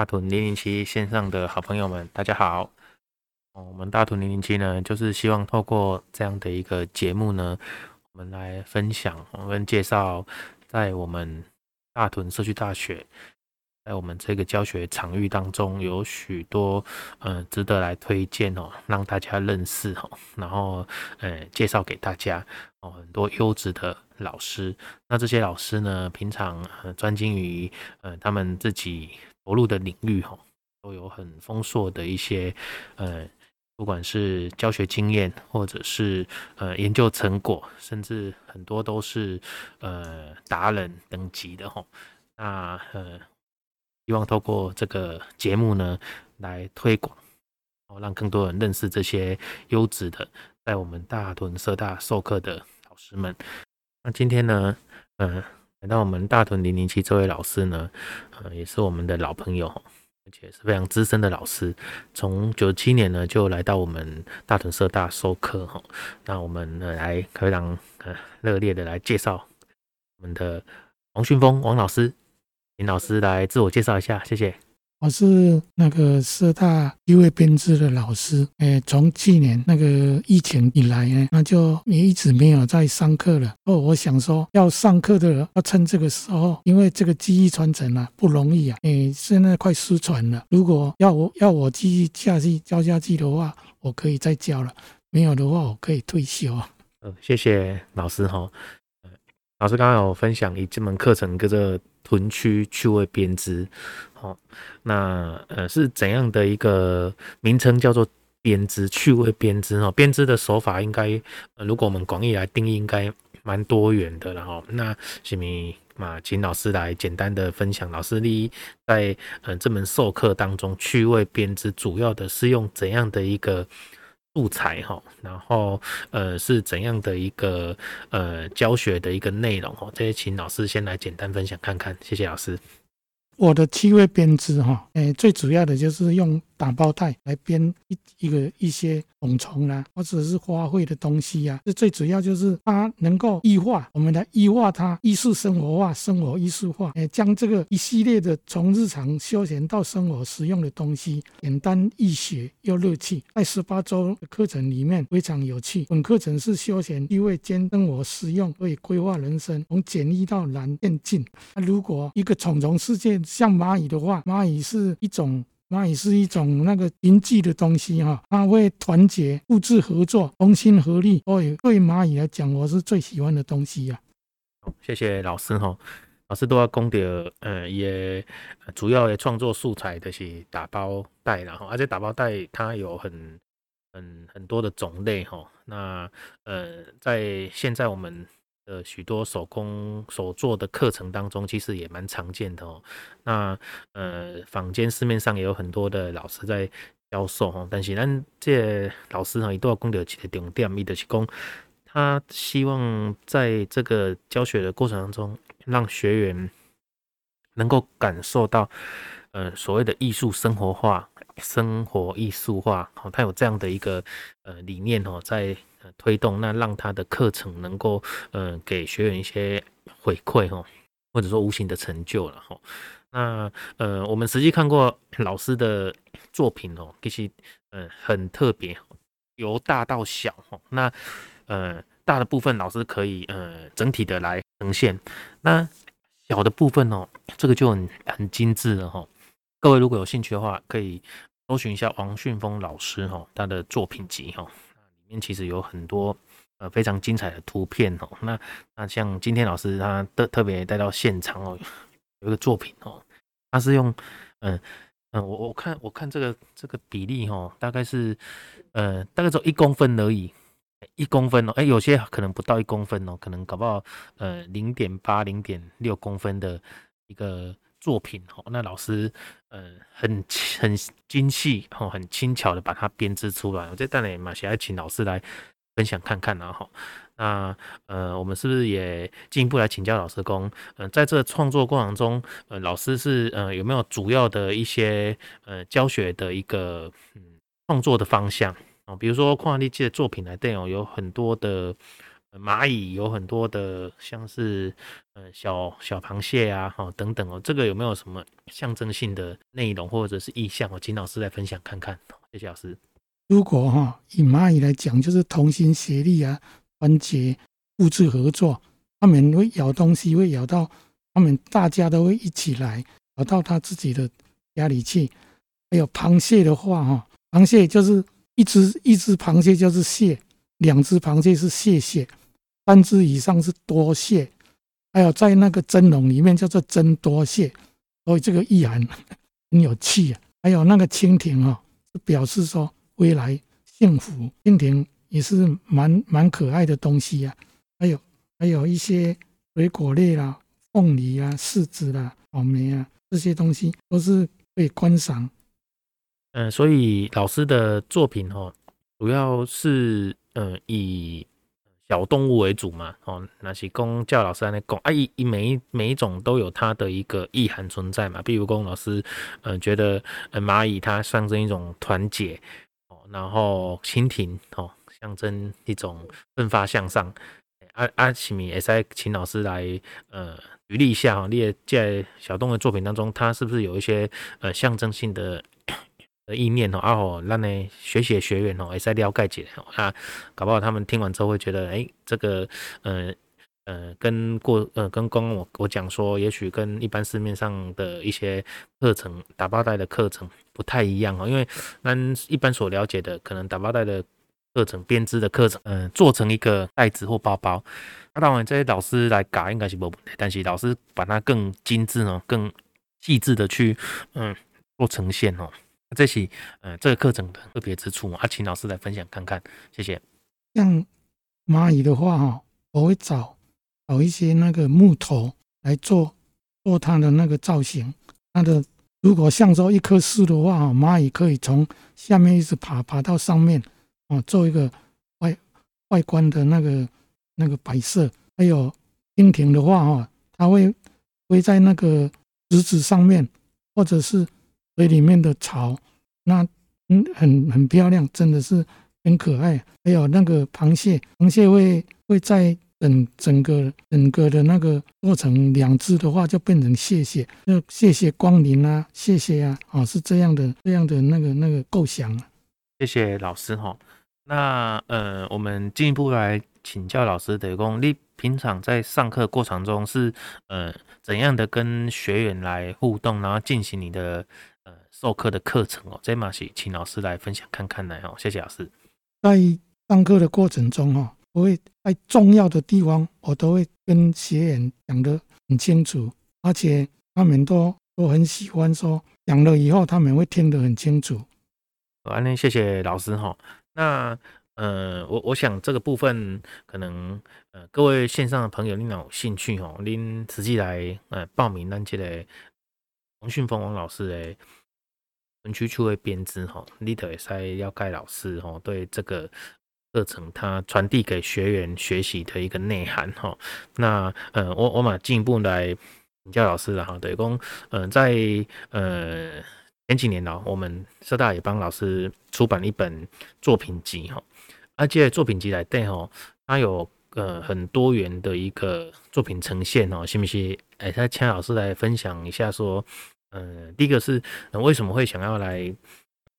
大屯007線上的好朋友們，大家好！我們大屯007呢，就是希望透過這樣的一個節目呢，我們來分享，我們介紹在我們大屯社區大學，在我們這個教學場域當中有，有許多嗯值得來推薦哦，讓大家認識哦，然後呃介紹給大家哦，很多優質的老師。那這些老師呢，平常專精於，呃，他們自己。投入的領域哈，都有很豐碩的一些，呃，不管是教學經驗，或者是呃研究成果，甚至很多都是呃達人等級的哈。那呃，希望透過這個節目呢，來推廣，然後讓更多人認識這些優質的在我們大屯社大授課的老師們。那今天呢，嗯。來到我們大屯零零七這位老師呢，呃，也是我們的老朋友，而且是非常資深的老師，從九七年呢就來到我們大屯社大授課哈。那我們來可以非常呃熱烈的來介紹我們的王訓鋒王老師，林老師來自我介紹一下，謝謝。我是那個社大一位編織的老師，哎、欸，從去年那個疫情以來呢，那就也一直沒有在上課了。哦，我想說要上課的人要趁這個時候，因為這個技藝傳承啊不容易啊，哎、欸，現在快失傳了。如果要我要我繼續下去教下去的話，我可以再教了；沒有的話，我可以退休啊。呃，謝謝老師哈。老師剛剛有分享以這門課程跟着、這個。屯區趣味編織，好，那呃是怎樣的一個名稱叫做編織趣味編織？哈，編織的手法應該，如果我們廣義來定義，應該蠻多元的。然後，那下面啊，請老師來簡單的分享，老師你在呃這門授課當中，趣味編織主要的是用怎樣的一個？素材哈，然後呃，是怎樣的一個呃教學的一個內容哈？這些請老師先來簡單分享看看，謝謝老師。我的趣味編織哈，誒最主要的就是用。打包袋來編一一個一些蟲蟲、啊、啦，或者是花卉的東西啊。這最主要就是它能夠異化，我們來異化它，藝術生活化，生活藝術化。誒、欸，將這個一系列的從日常休閒到生活實用的東西，簡單易學又樂趣。在十八周的課程裡面非常有趣。本課程是休閒、趣味兼生活實用，可以規劃人生，從簡易到難漸進、啊。如果一個蟲蟲世界像螞蟻的話，螞蟻是一種。螞蟻是一種那個群聚的東西哈、啊，它會團結、互助、合作、同心合力。哦，對螞蟻來講，我是最喜歡的東西呀。好，謝謝老師哈。老師都要供的，呃，也主要的創作素材就是打包袋，然後而且打包袋它有很很很多的種類哈。那呃，在現在我們。呃，許多手工所做的課程當中，其實也蠻常見的哦、喔。那呃，坊間市面上也有很多的老師在教授哦、喔，但是咱這老師呢、喔，一定要講一個重點，伊就是講他希望在這個教學的過程當中，讓學員能夠感受到，呃，所謂的藝術生活化、生活藝術化，好、喔，他有這樣的一個呃理念哦、喔，在。推動，那讓他的課程能夠呃給學員一些回饋哈，或者說無形的成就了哈。那呃我們實際看過老師的作品哦，其實呃很特別，由大到小哈。那呃大的部分老師可以呃整體的來呈現，那小的部分哦，這個就很很精緻了哈。各位如果有興趣的話，可以搜尋一下王訓鋒老師哦，他的作品集哦。其實有很多呃非常精彩的圖片哦、喔，那那像今天老師他特特別帶到現場哦、喔，有一個作品哦、喔，他是用嗯嗯我我看我看這個這個比例哈、喔，大概是呃大概只一公分而已，一公分哦、喔，哎、欸、有些可能不到一公分哦、喔，可能搞不好呃零點八零點六公分的一個。作品哈，那老師，呃，很很精細哈，很輕巧的把它編織出來。我這得也嘛，想要請老師來分享看看然後那呃，我們是不是也進一步來請教老師說嗯、呃，在這創作過程中，呃，老師是呃有沒有主要的一些呃教學的一個嗯創作的方向啊、呃？比如說曠力記的作品來電影有很多的。螞蟻有很多的，像是呃小小螃蟹啊，哈、哦、等等哦。這個有沒有什麼象徵性的內容或者是意象？我請老師來分享看看。謝謝老師。如果哈、哦、以螞蟻來講，就是同心協力啊，團結、互助合作。它們會咬東西，會咬到它們大家都會一起來咬到它自己的家裡去。還有螃蟹的話、哦，哈，螃蟹就是一隻一隻螃蟹就是蟹，兩隻螃蟹是蟹蟹。三只以上是多謝，還有在那個蒸籠裡面叫做蒸多謝，所以這個意涵很有趣啊。還有那個蜻蜓哦，表示說未來幸福。蜻蜓也是蠻蠻可愛的東西啊。還有還有一些水果類啦、啊，鳳梨啊、柿子啦、啊、草莓啊這些東西都是可以觀賞。嗯、呃，所以老師的作品哦，主要是呃以。小動物為主嘛，哦，那是公教老師來公啊，以以每一每一種都有它的一個意涵存在嘛。比如說老師，嗯、呃，覺得，嗯，螞蟻它象徵一種團結，哦，然後蜻蜓哦，象徵一種奮發向上。啊阿奇米，也、啊、是，是請老師來，呃，舉例一下哈，你在小動物的作品當中，它是不是有一些呃象徵性的？意念哦，然、啊、後讓呢學習學員哦，再了解哦，那、啊、搞不好他們聽完之後會覺得，哎、欸，這個呃嗯、呃，跟過呃跟剛剛我我講說，也許跟一般市面上的一些課程打包帶的課程不太一樣哦，因為按一般所了解的，可能打包帶的課程編織的課程，嗯、呃，做成一個袋子或包包，那當然這些老師來改應該是沒問題，但是老師把它更精緻哦，更細緻的去嗯做呈現哦。這期呃，這個課程的特別之處，啊，請老師來分享看看，謝謝。像螞蟻的話，我會找找一些那個木頭來做做它的那個造型。它的如果像說一棵樹的話，螞蟻可以從下面一直爬爬到上面，啊、哦，做一個外外觀的那個那個擺設。還有蜻蜓的話，啊，它會飛在那個石子上面，或者是。所以裡面的草，那嗯很很，很漂亮，真的是很可愛。還有那個螃蟹，螃蟹會會在等整，整個整個的那個過程，兩隻的話，就變成謝謝，那謝謝光臨啊，謝謝啊，啊、哦、是這樣的這樣的那個那個構想。謝謝老師哈。那呃，我們進一步來請教老師的功力，你平常在上課過程中是呃怎樣的跟學員來互動，然後進行你的。授課的課程哦，這馬是，請老師來分享看看來哦，謝謝老師。在上課的過程中哦，我會在重要的地方，我都會跟學員講得很清楚，而且他們都都很喜歡說，講了以後他們會聽得很清楚。好，那謝謝老師哈。那呃，我我想這個部分可能呃，各位線上的朋友，您有興趣哦，您實際來呃報名咱這個王訓鋒王老師的。我區趣味編織哈，little 要蓋老師哈，對這個課程，他傳遞給學員學習的一個內涵哈。那，呃，我我們進一步來請教老師了哈，對講，嗯、呃，在呃前幾年哦，我們社大也幫老師出版一本作品集哈，而、啊、且、這個、作品集來對吼，它有呃很多元的一個作品呈現哦，信不信？哎、欸，他請老師來分享一下說。呃，第一個是為什麼會想要來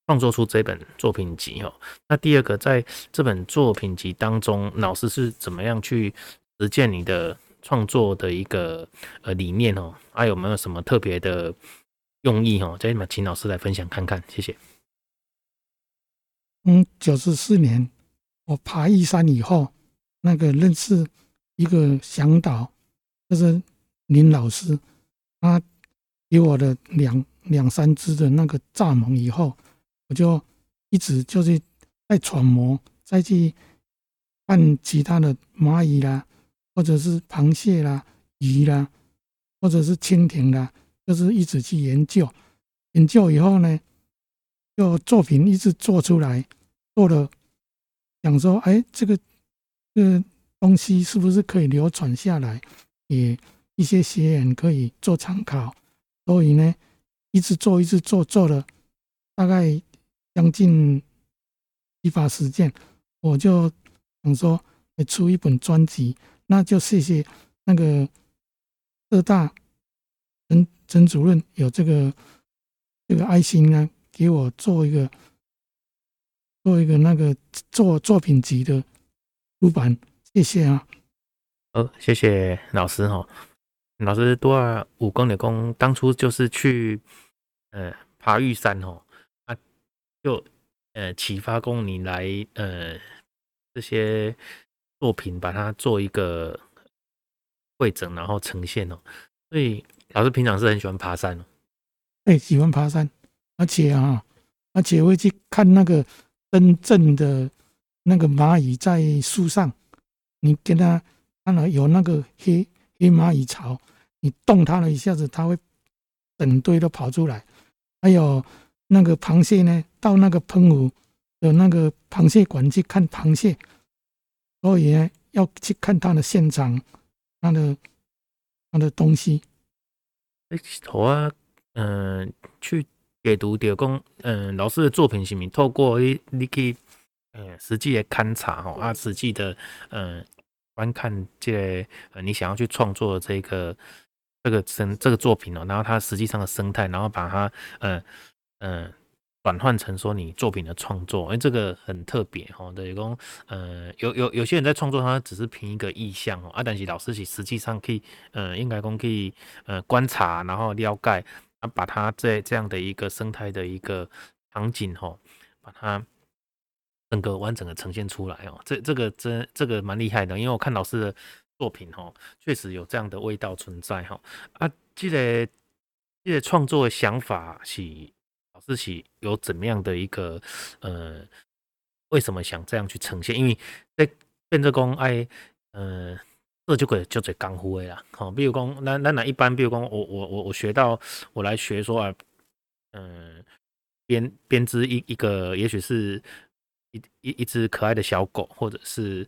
創作出這本作品集哦？那第二個，在這本作品集當中，老師是怎麼樣去實踐你的創作的一個呃理念哦？還、啊、有沒有什麼特別的用意哦？在你們，請老師來分享看看，謝謝。嗯，九十四年我爬玉山以後，那個認識一個向導，就是林老師，他。給我的兩兩三隻的那個蚱蜢以後，我就一直就是在揣摩，再去看其他的螞蟻啦，或者是螃蟹啦、魚啦，或者是蜻蜓啦，就是一直去研究。研究以後呢，就作品一直做出來，做了想說，哎，這個這個東西是不是可以流傳下來，也一些學員可以做參考。所以呢，一直做，一直做，做了大概將近一八時間，我就想說出一本專輯，那就謝謝那個社大陳陳主任有這個這個愛心啊，給我做一個做一個那個做作品集的出版，謝謝啊！好，謝謝老師哈。老師多五公里工，當初就是去呃爬玉山哦，啊就呃啟發工你來呃這些作品把它做一個彙整，然後呈現哦。所以老師平常是很喜歡爬山哦，哎、欸、喜歡爬山，而且啊、哦、而且會去看那個真正的那個螞蟻在樹上，你跟它，看到有那個黑黑螞蟻巢。你動它了一下子，它會整堆都跑出來。還有那個螃蟹呢？到那個澎湖的那個螃蟹館去看螃蟹，所以呢要去看它的現場，它的它的東西、欸。好啊，嗯、呃，去解讀就講，嗯、呃，老師的作品是你透過你你去，嗯、呃，實際的勘察哦，啊，實際的，嗯、呃，觀看這個呃、你想要去創作這個。這個生這個作品哦，然後它實際上的生態，然後把它嗯嗯轉換成說你作品的創作，因為這個很特別哦，對，有呃有有有些人在創作，他只是憑一個意象哦啊，但是老師其實際上可以呃應該講可以呃觀察，然後了解啊，把它在這樣的一個生態的一個場景哦，把它整個完整的呈現出來哦，這這個真這個蠻厲害的，因為我看老師的作品哈、哦，確實有這樣的味道存在哈、哦。啊，這個這個創作的想法是，老師是有怎麼樣的一個呃，為什麼想這樣去呈現？因為在編織講，哎，呃，這就可叫做乾貨啦。好、哦，比如講，那那那一般，比如講，我我我我學到，我來學說啊，嗯、呃，編編織一一個，也許是一一一隻可愛的小狗，或者是。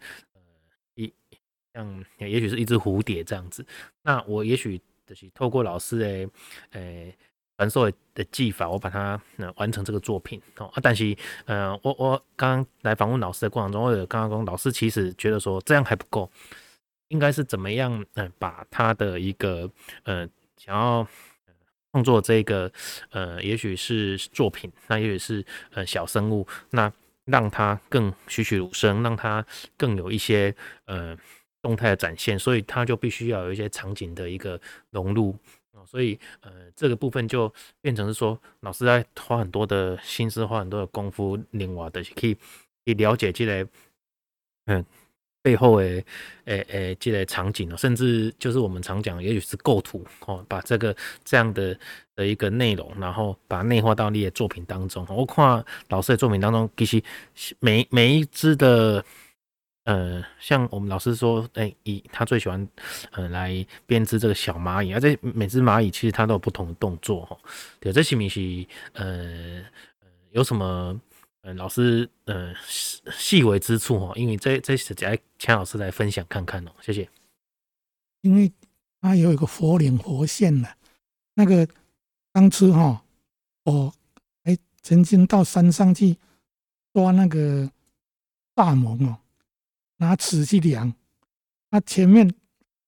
像也許是一隻蝴蝶這樣子，那我也許就是透過老師誒誒傳授的技法，我把它那完成這個作品哦。但是嗯，我我剛剛來訪問老師的過程中，或者剛剛老師其實覺得說，這樣還不夠，應該是怎麼樣嗯，把他的一個嗯想要創作這個呃也許是作品，那也許是嗯小生物，那讓它更栩栩如生，讓它更有一些嗯。動態的展現，所以它就必須要有一些場景的一個融入哦，所以呃這個部分就變成是說老師在花很多的心思，花很多的功夫，另外的是去去了解這類嗯背後的誒誒這類場景哦，甚至就是我們常講，也許是構圖哦，把這個這樣的的一個內容，然後把它內化到你的作品當中。我看老師的作品當中，其實每每一隻的。呃，像我們老師說，誒、欸，以他最喜歡，呃，來編織這個小螞蟻，而這每隻螞蟻其實它都有不同的動作，哦，對，這是不是呃有什麼呃老師呃細微之處哦，因為這這實際錢老師來分享看看哦，謝謝。因為它有一個活靈活現的、啊，那個當初哈，我還曾經到山上去抓那個大蜢哦。拿尺去量，它前面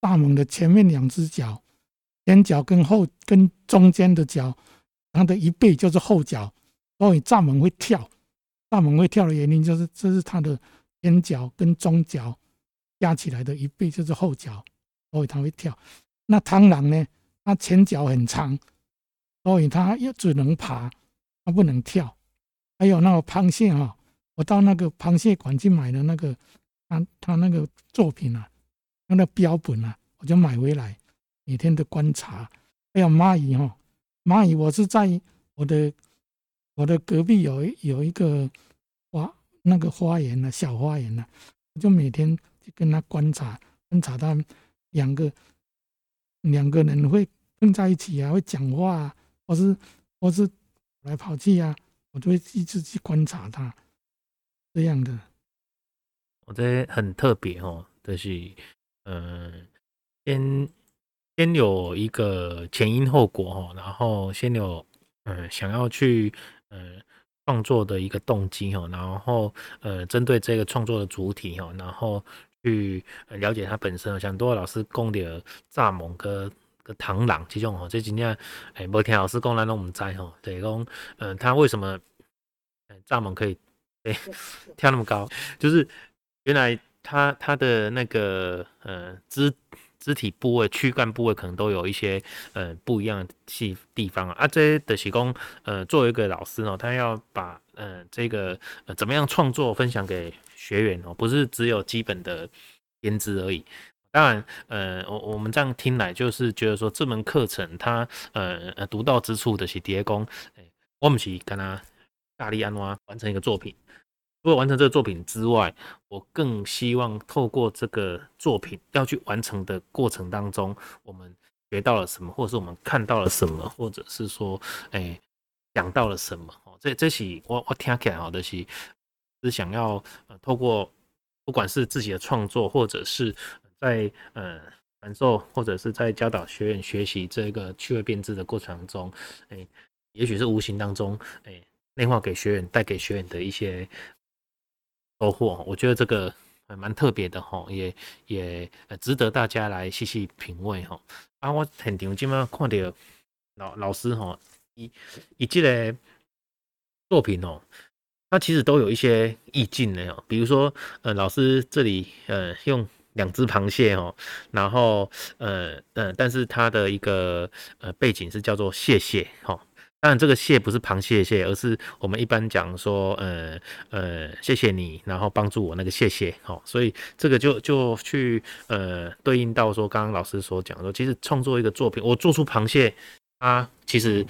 蚱蜢的前面兩隻腳，前腳跟後跟中間的腳，它的一倍就是後腳。所以蚱蜢會跳，蚱蜢會跳的原因就是這是它的前腳跟中腳加起來的一倍就是後腳，所以它會跳。那螳螂呢？它前腳很長，所以它又只能爬，它不能跳。還有那個螃蟹哈，我到那個螃蟹館去買的那個。他、啊、他那個作品啊，那個標本啊，我就買回來，每天都觀察。還有螞蟻哦，螞蟻，我是在我的我的隔壁有有一個花那個花園呢、啊，小花園呢、啊，我就每天去跟他觀察觀察他兩個兩個人會碰在一起啊，會講話啊，或是或是來跑去啊，我就會一直去觀察他這樣的。我覺得很特別哦，就是，嗯、呃，先先有一個前因後果哦，然後先有，嗯、呃，想要去，嗯、呃，創作的一個動機哦，然後，嗯、呃，針對這個創作的主體哦，然後去了解他本身哦，想多老師供點蚱蜢個跟螳螂這種哦，這今天哎沒聽老師講來攏不知。哦，對公，嗯、呃，他為什麼，嗯，蚱蜢可以，哎，跳那麼高，就是。原來他他的那個呃肢肢體部位、軀幹部位可能都有一些呃不一樣的地地方啊。阿杰的習工呃，作為一個老師呢、哦，他要把呃這個呃怎麼樣創作分享給學員哦，不是只有基本的編織而已。當然呃，我我們這樣聽來就是覺得說，這門課程它呃呃獨到之處的是疊工，哎、欸，我們是跟他大力安挖完成一個作品。除了完成這個作品之外，我更希望透過這個作品要去完成的過程當中，我們學到了什麼，或者是我們看到了什麼，或者是說，哎、欸，想到了什麼？哦、喔，這這些我我聽起來好的是，就是想要呃，透過不管是自己的創作，或者是在呃感受，或者是在教導學員學習這個趣味編織的過程當中，哎、欸，也許是無形當中，哎、欸，內化給學員，帶給學員的一些收穫，我覺得這個還蠻特別的哈，也也值得大家來細細品味哈。啊，我現場即馬看到老老師哈，一一即個作品哦，它其實都有一些意境的哦。比如說，呃，老師這裡呃用兩隻螃蟹哈，然後呃呃，但是它的一個呃背景是叫做謝謝哈。呃當然，這個蟹不是螃蟹蟹，而是我們一般講說，呃呃，謝謝你，然後幫助我那個謝謝，好、哦，所以這個就就去呃對應到說，剛剛老師所講說，其實創作一個作品，我做出螃蟹，啊，其實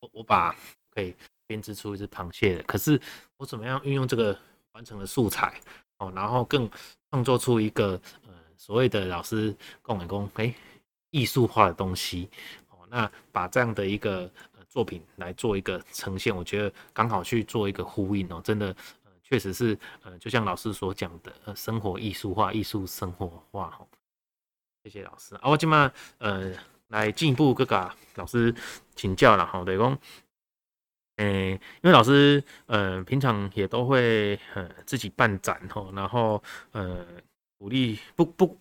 我我把可以編織出一只螃蟹，可是我怎麼樣運用這個完成的素材，哦，然後更創作出一個呃所謂的老師共員工，一工誒藝術化的東西、哦，那把這樣的一個。作品來做一個呈現，我覺得剛好去做一個呼應哦，真的，呃，確實是，呃，就像老師所講的，呃，生活藝術化，藝術生活化喔，謝謝老師。啊，我今晚呃，來進一步跟個老師請教了好，的嗯，欸，因為老師，呃，平常也都會，呃，自己辦展哦，然後，呃，鼓勵不不。不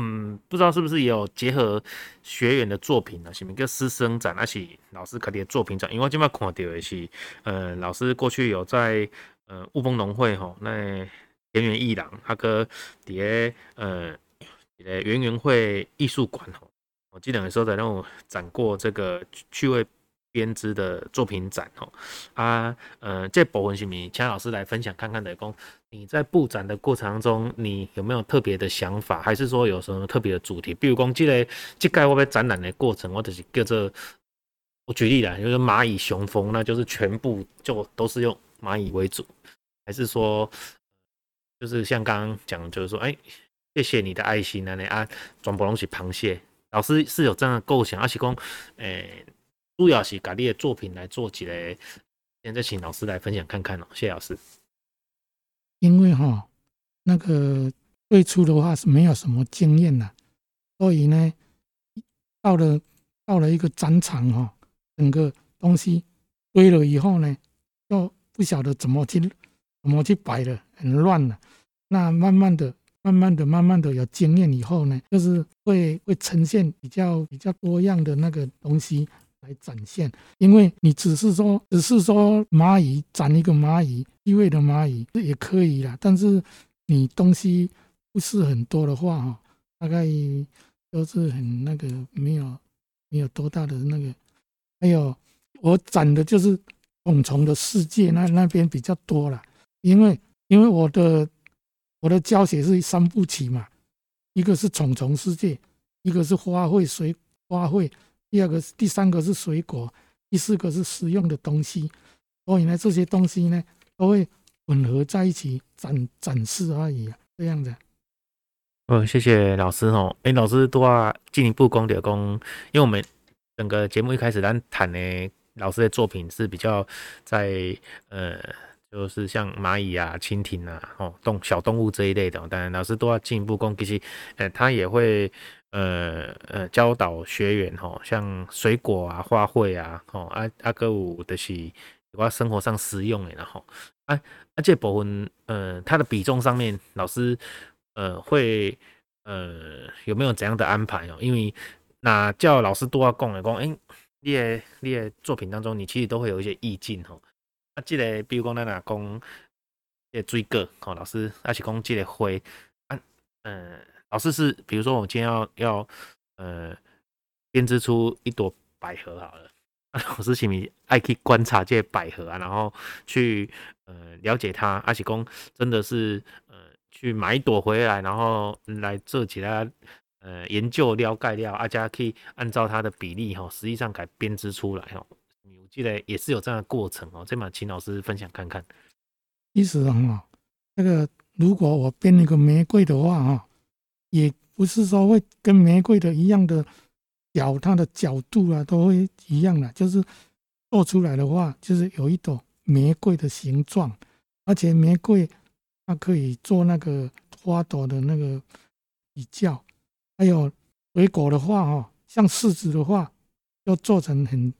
嗯，不知道是不是有結合學員的作品呢？是不是叫師生展，還是老師他的作品展？因為我今麥看到的是，呃，老師過去有在呃霧峰農會吼、喔，那個、田園藝廊，他跟底下呃呃園園會藝術館吼，我記得那時候在那種展過這個趣味編織的作品展吼、喔。啊，呃，這個、部分是不是，請老師來分享看看的講。就是你在布展的過程當中，你有沒有特別的想法，還是說有什麼特別的主題？比如講、這個，即個即個我展覽的過程，或者是叫做，我舉例啦，就是螞蟻雄風，那就是全部就都是用螞蟻為主，還是說，就是像剛剛講，就是說，哎、欸，謝謝你的愛心啊，你啊，全部攏是螃蟹。老師是有這樣的構想，而且講，哎、就是欸，主要是把你的作品來做起來，現在請老師來分享看看、喔、謝謝老師。因為哈，那個最初的話是沒有什麼經驗的，所以呢，到了到了一個戰場哈，整個東西堆了以後呢，就不曉得怎麼去怎麼去擺了，很亂了。那慢慢的、慢慢的、慢慢的有經驗以後呢，就是會會呈現比較比較多樣的那個東西。來展現，因為你只是說，只是說螞蟻，長一個螞蟻，地位的螞蟻，這也可以啦，但是你東西不是很多的話，大概都是很那個，沒有沒有多大的那個。還有我攢的就是蟲蟲的世界，那那邊比較多啦，因為因為我的我的教學是三部曲嘛，一個是蟲蟲世界，一個是花卉水花卉。第二個、第三個是水果，第四個是食用的東西，所以呢，這些東西呢都會混合在一起展展示而已，這樣子。哦、嗯，謝謝老師哦。誒，老師都要進一步攻略。攻，因為我們整個節目一開始咱談的老師的作品是比較在呃，就是像螞蟻啊、蜻蜓啊、哦動小動物這一類的，但老師都要進一步攻，擊，其實、呃、他也會。呃呃，教導學員吼，像水果啊、花卉啊，吼啊啊，閣有就是，我生活上實用誒，然後啊，而、啊、且、啊、部分呃，他的比重上面，老師呃會呃有沒有怎樣的安排哦、啊？因為那叫老師都要講誒，講、欸、誒，你誒你誒作品當中，你其實都會有一些意境吼、啊這個。啊，這個比如講咱若講誒水果吼，老師阿是講這個花啊，嗯。老師是，比如說我今天要要呃編織出一朵百合好了，我、啊、是請你愛去觀察這百合啊，然後去呃了解它。阿喜公真的是呃去買一朵回來，然後來做其他呃研究了解了，大家可以按照它的比例哈、哦，實際上可以編織出來哈、哦。我記得也是有這樣的過程哦，這嘛請老師分享看看。意思哦、啊，那個如果我編一個玫瑰的話啊。嗯嗯也不是說會跟玫瑰的一樣的，角它的角度啊都會一樣的，就是做出來的話，就是有一朵玫瑰的形狀，而且玫瑰它可以做那個花朵的那個比較，還有水果的話，哦，像柿子的話，要做成很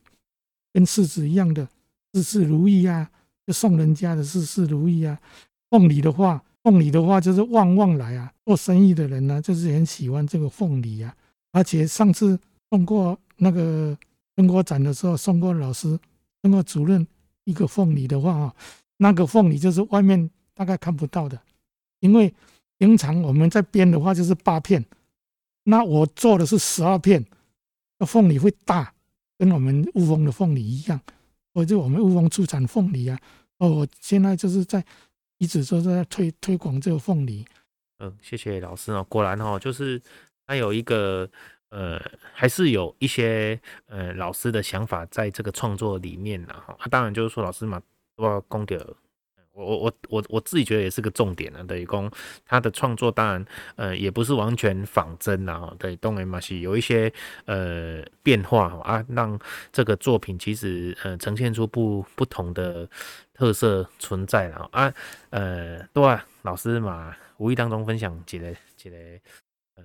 跟柿子一樣的，事事如意啊，就送人家的，事事如意啊，送禮的話。鳳梨的話就是旺旺來啊！做生意的人呢、啊，就是很喜歡這個鳳梨啊。而且上次送過那個中國展的時候，送過老師、送過主任一個鳳梨的話，那個鳳梨就是外面大概看不到的，因為平常我們在編的話就是八片，那我做的是十二片，那鳳梨會大，跟我們霧峰的鳳梨一樣，我就我們霧峰出產鳳梨啊。哦，我現在就是在。一直都在推推廣這個鳳梨，嗯，謝謝老師哦。果然哦，就是他有一個呃，還是有一些呃老師的想法在這個創作裡面呢、啊、哈。他當然就是說老師嘛，我公的，我我我我我自己覺得也是個重點呢、啊。等於說他的創作當然呃也不是完全仿真，啊，對，東原馬西有一些呃變化啊，讓這個作品其實呃呈現出不不同的特色存在了啊，呃，對、啊，老師嘛，無意當中分享幾個幾個呃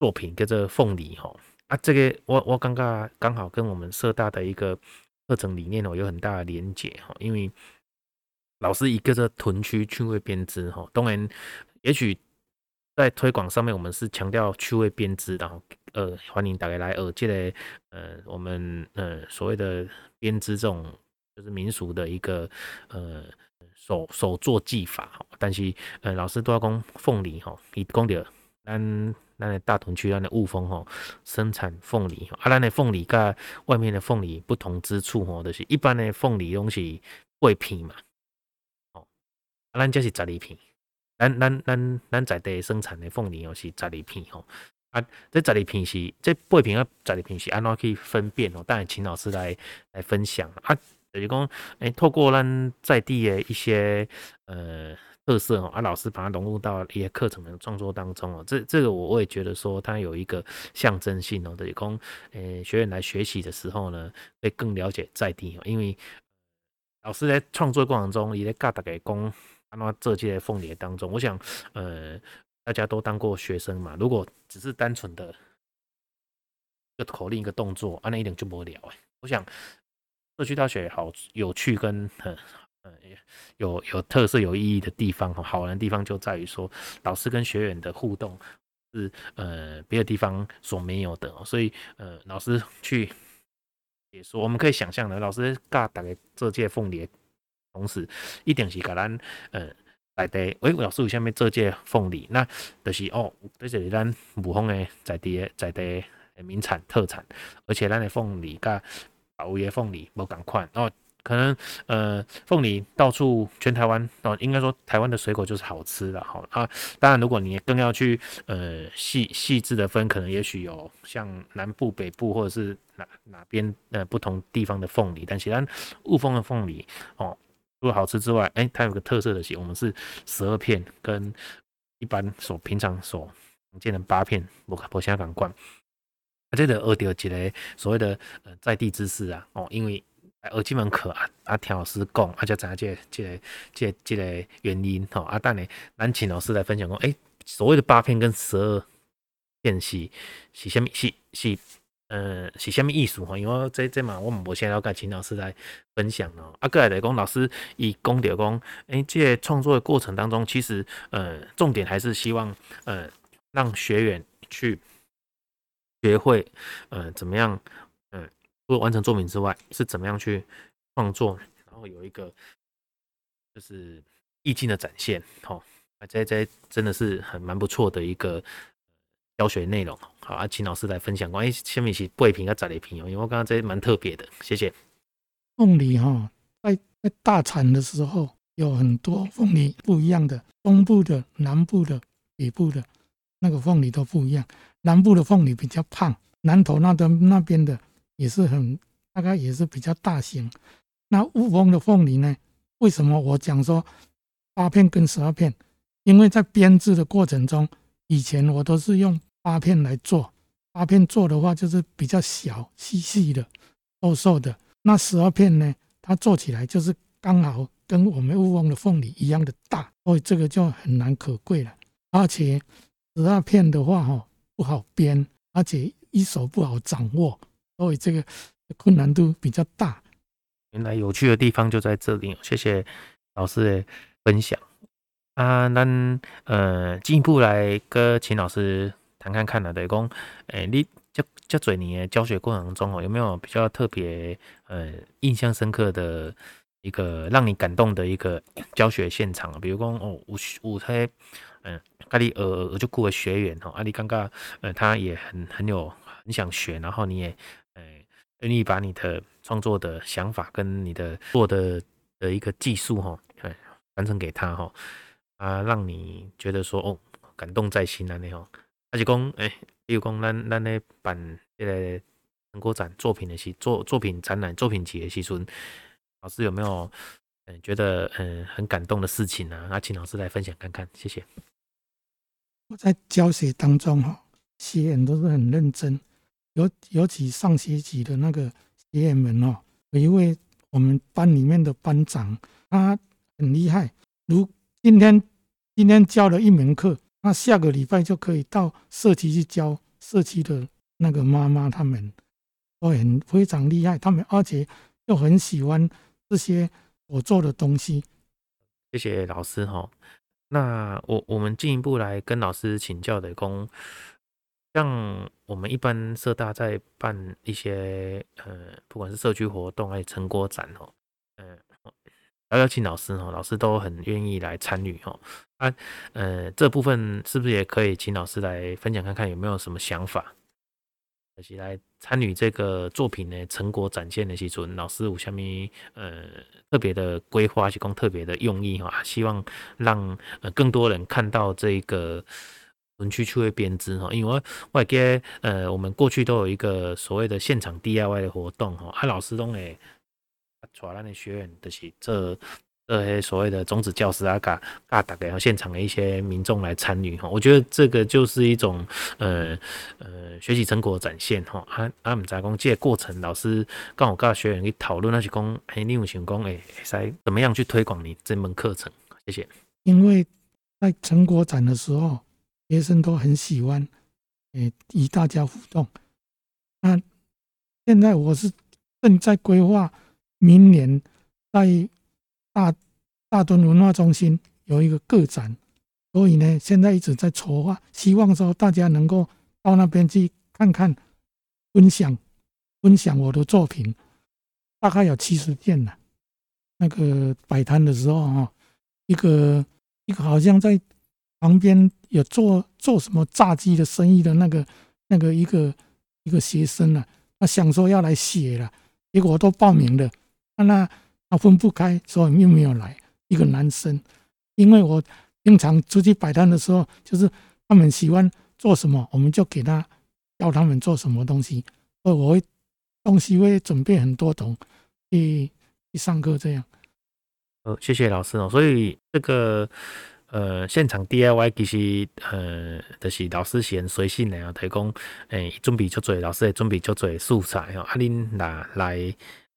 作品跟這鳳梨吼、喔、啊，這個我我感覺剛好，跟我們社大的一個課程理念哦有很大的連接。哈，因為老師一個這屯區趣味編織哈，當然也許在推廣上面我們是強調趣味編織，然後呃歡迎大家來、這個、呃，這類呃我們呃所謂的編織這種。就是民俗的一個呃手手作技法，但是呃老師都要講鳳梨吼，一講到，咱咱的大屯區，咱的霧峰吼，生產鳳梨吼，啊，咱的鳳梨跟外面的鳳梨不同之處吼，都、就是一般的鳳梨攏是八片嘛，吼，咱這是十二片，咱咱咱咱，咱在地生產的鳳梨又是十二片吼，啊，這十二片是這八片啊，十二片是安怎去分辨哦？當然，請老師來來分享啊。就講，誒、欸，透過咱在地的一些呃特色哦，啊，老師把它融入到一些課程的創作當中哦，這這個我也覺得說，它有一個象徵性哦，就是說、欸、學員來學習的時候呢，會更了解在地因為老師在創作過程中也在教大家講，那麼這些鳳蝶當中，我想，呃，大家都當過學生嘛，如果只是單純的一個口令一個動作，啊，那一定就無聊我想。社區大學也好有趣跟，跟嗯有有特色、有意義的地方哈，好玩的地方就在於說，老師跟學員的互動是呃別的地方所沒有的。所以呃，老師去也是我們可以想象的，老師教大家這屆鳳梨同時，一定是給咱呃在地。喂、欸，老師有下面這屆鳳梨，那就是哦，這、就是咱霧峰的在地的在地的名產特產，而且咱的鳳梨嘎。啊，五葉鳳梨無共款，哦，可能呃鳳梨到處全台灣哦，應該說台灣的水果就是好吃的。哈。啊，當然如果你更要去呃細細緻的分，可能也許有像南部、北部或者是哪哪邊呃不同地方的鳳梨，但是但霧峰的鳳梨哦，除了好吃之外，誒、欸，它有個特色的、就、寫、是、我們是十二片，跟一般所平常所常見的八片無無啥共款。啊，這個學著一個所謂的呃在地知識啊，哦，因為二七門課啊，啊，聽老師講啊，就知影，這個這個、這個、這個原因吼、哦，啊，當然，咱秦老師來分享講，誒、欸，所謂的八片跟十二片是是蝦米？是什麼是，是呃是蝦米意思？吼，因為這這嘛，我唔無先了解，秦老師來分享哦。啊，過來來講，老師伊講著講，哎、欸，這創、個、作的過程當中，其實呃重點還是希望呃讓學員去。學會，呃，怎麼樣？嗯、呃，除了完成作品之外，是怎麼樣去創作？然後有一個，就是意境的展現，吼、啊，這這真的是很蠻不錯的一個教學內容。好，啊，請老師來分享過。哎，先一起背一瓶，再來一瓶哦，因為我剛剛這些蠻特別的。謝謝。鳳梨哈、哦，在在大產的時候，有很多鳳梨不一樣的，東部的、南部的、北部的，那個鳳梨都不一樣。南部的鳳梨比較胖，南投那端那邊的也是很大概也是比較大型。那烏翁的鳳梨呢？為什麼我講說八片跟十二片？因為在編織的過程中，以前我都是用八片來做，八片做的話就是比較小、細細的、瘦瘦的。那十二片呢？它做起來就是剛好跟我們烏翁的鳳梨一樣的大，所以這個就很難可貴了。而且十二片的話，哈。不好編，而且一手不好掌握，所以這個困難度比較大。原來有趣的地方就在這裡，謝謝老師的分享啊！那呃，進一步來跟秦老師談看看了。對、就、公、是，誒、欸，你這這，嘴呢？教學過程中哦，有沒有比較特別呃，印象深刻的一個讓你感動的一個教學現場？比如講哦，舞舞臺。嗯，阿麗呃，我就僱個學員吼，阿麗剛剛呃，他也很很有很想學，然後你也呃，願意把你的創作的想法跟你的做的的一個技術吼，傳、嗯、承給他吼，啊，讓你覺得說哦，感動在心啊你吼，還就講、是、誒、欸，比如講咱咱咧辦這個成果展作品的時作作品展覽作品集的時陣，老師有沒有嗯覺得很、嗯、很感動的事情吶、啊？那、啊、請老師來分享看看，謝謝。我在教學當中，哈，學員都是很認真，尤尤其上學期的那個學員們，哦，有一位我們班裡面的班長，他很厲害。如今天今天教了一門課，那下個禮拜就可以到社區去教社區的那個媽媽，他們都很非常厲害，他們而且又很喜歡這些我做的東西。謝謝老師，哈。那我我們進一步來跟老師請教的功，像我們一般社大在辦一些呃，不管是社區活動還是成果展哦，呃，邀請老師哦，老師都很願意來參與哦，啊，呃，這部分是不是也可以請老師來分享看看有沒有什麼想法？來參與這個作品的成果展現的時候，老師有什麼呃特別的規劃是講特別的用意哈、啊，希望讓、呃、更多人看到這個屯區趣味編織哈，因為外間呃我們過去都有一個所謂的現場 DIY 的活動哈、啊，老師都嘞，把咱的學員都、就是這。這所謂的種子教師啊，嘎嘎大概要現場的一些民眾來參與哈，我覺得這個就是一種呃呃學習成果展現哈。阿阿不知道，這個、啊、過程老師跟我噶學員去討論，那是講哎，你有想講哎，欸、怎麼樣去推廣你這門課程？謝謝。因為在成果展的時候，學生都很喜歡哎，與、欸、大家互動。那現在我是正在規劃明年在。大大墩文化中心有一個個展，所以呢，現在一直在籌劃，希望說大家能夠到那邊去看看，分享分享我的作品，大概有七十件了啊。那個擺攤的時候啊，一個一個好像在旁邊有做做什麼炸雞的生意的那個那個一個一個學生了啊，他想說要來寫了，結果我都報名了，那，那。他分不開，所以又沒有來一個男生。因為我經常出去擺攤的時候，就是他們喜歡做什麼，我們就給他教他們做什麼東西。呃，我會東西會準備很多種，去去上課這樣。呃，謝謝老師哦。所以這個呃現場 DIY 其實呃就是老師先隨性來、就是欸、啊，提供哎準備很多，老師也準備很多素材哦。阿林拿來。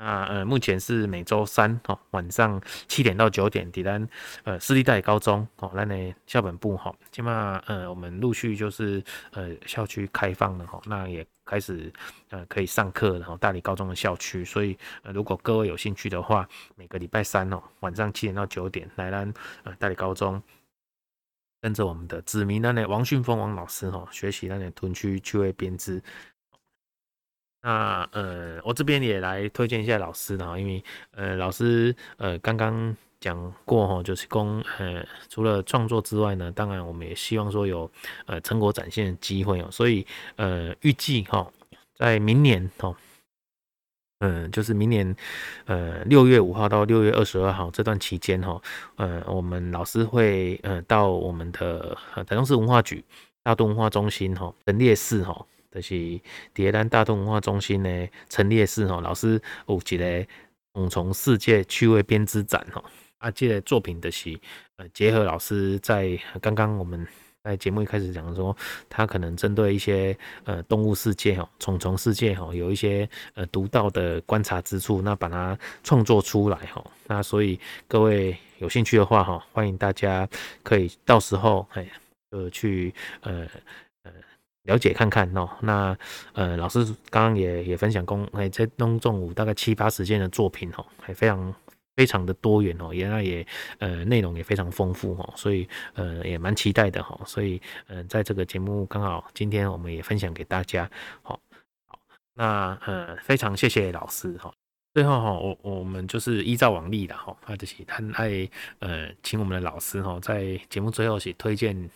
那、啊、呃，目前是每週三哦，晚上七點到九點，迪蘭呃私立大理高中哦，那裡校本部哈，起、哦、碼呃我們陸續就是呃校區開放了哈、哦，那也開始呃可以上課，然後大理高中的校區，所以呃，如果各位有興趣的話，每個禮拜三哦，晚上七點到九點來蘭呃大理高中跟着我們的子民那呢王訓鋒王老師哦學習那里屯區趣味編織。那呃，我這邊也來推薦一下老師呢，因為呃，老師呃剛剛講過哈，就是公呃，除了創作之外呢，當然我們也希望說有呃成果展現的機會哦，所以呃預計哈，在明年哦，嗯、呃，就是明年呃六月五號到六月二十二號這段期間哈，呃，我們老師會呃到我們的台中市文化局大墩文化中心哈陳列室哈。等烈士呃就是蝶蘭大墩文化中心的陳列室，老師有一個《蟲蟲世界趣味編織展》哦，啊，這個作品的是呃結合老師在剛剛我們在節目一開始講說，他可能針對一些呃動物世界哦，蟲蟲世界有一些呃獨到的觀察之處，那把它創作出來哈。那所以各位有興趣的話哈，歡迎大家可以到時候哎呃去呃。了解看看哦，那呃，老師剛剛也也分享共誒、欸，在東中午大概七八十件的作品哦，還、欸、非常非常的多元哦，原來也呃內容也非常豐富哦，所以呃也蠻期待的哈，所以嗯、呃，在這個節目剛好今天我們也分享給大家，好、喔，好，那呃，非常謝謝老師哈、喔，最後哈我、喔、我們就是依照往例的哈，發、喔、些，他來呃請我們的老師哈、喔、在節目最後是推薦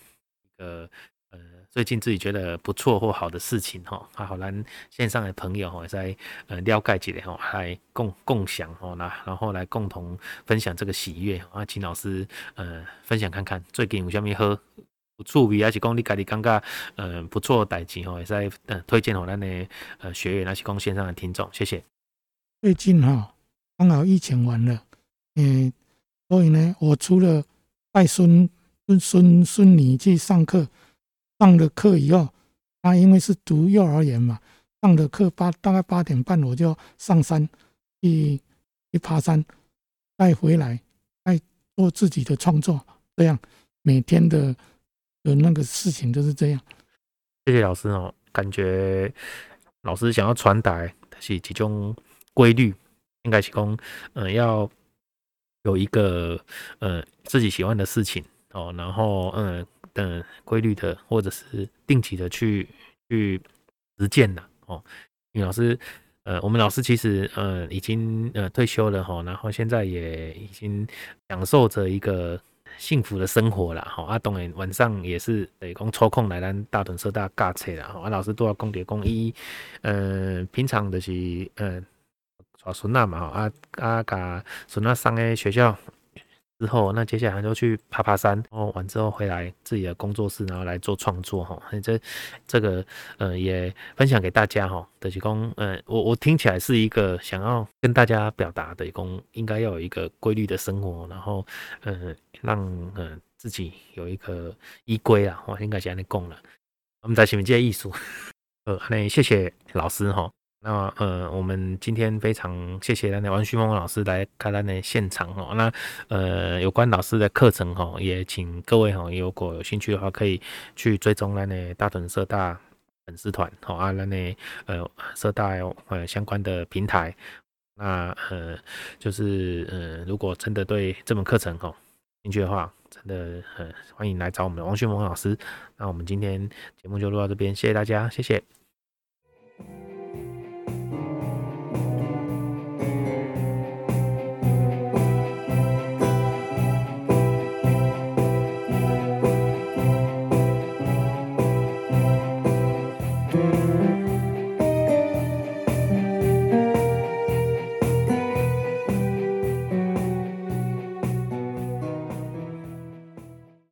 最近自己覺得不錯或好的事情哈、哦，好來線上的朋友哈在呃了解起來哈，共共享哦，那然後來共同分享這個喜悅啊，請老師呃分享看看最近有蝦米好，不錯，還是講你家己感覺呃不錯代誌哦，也在推薦我們的呃學員還是講線上的聽眾，謝謝。最近哈剛好疫情完了，嗯、欸，所以呢，我除了帶孫孫孫孫女去上課。上的課以後，他、啊、因為是讀幼兒園嘛，上了課八大概八點半我就上山去去爬山，再回來，再做自己的創作，這樣每天的、的那個事情都是這樣。謝謝老師哦，感覺老師想要傳達，的是其中規律，應該是說，嗯、呃、要有一個嗯、呃、自己喜歡的事情哦，然後嗯。呃的、嗯、規律的，或者是定期的去去實踐的哦。女老師，呃，我們老師其實呃已經呃退休了哈，然後現在也已經享受着一個幸福的生活了哈、啊。當然晚上也是得空抽空來咱大同師大大屯社大教了。啦。啊，老師都要供疊供衣，呃，平常的、就是呃耍孫仔嘛，啊啊，嘎孫仔上去學校。之後，那接下來就去爬爬山哦，完之後回來自己的工作室，然後來做創作哈、嗯。這這個，呃、嗯、也分享給大家哈。德、就是講，呃、嗯，我我聽起來是一個想要跟大家表達的種、就是、應該要有一個規律的生活，然後，呃、嗯，讓、嗯、自己有一個依歸啊，我應該是按呢講了。我們在前面接藝術，呃、嗯，那謝謝老師哈。哦那呃，我們今天非常謝謝那王訓鋒老師來看的現場，那呢現場哦。那呃，有關老師的課程哈，也請各位哈，如果有興趣的話，可以去追蹤那呢大屯社大粉絲團好啊，那呢呃社大呃相關的平台。那呃，就是呃如果真的對這門課程哈興趣的話，真的呃歡迎來找我們王訓鋒老師。那我們今天節目就錄到這邊，謝謝大家，謝謝。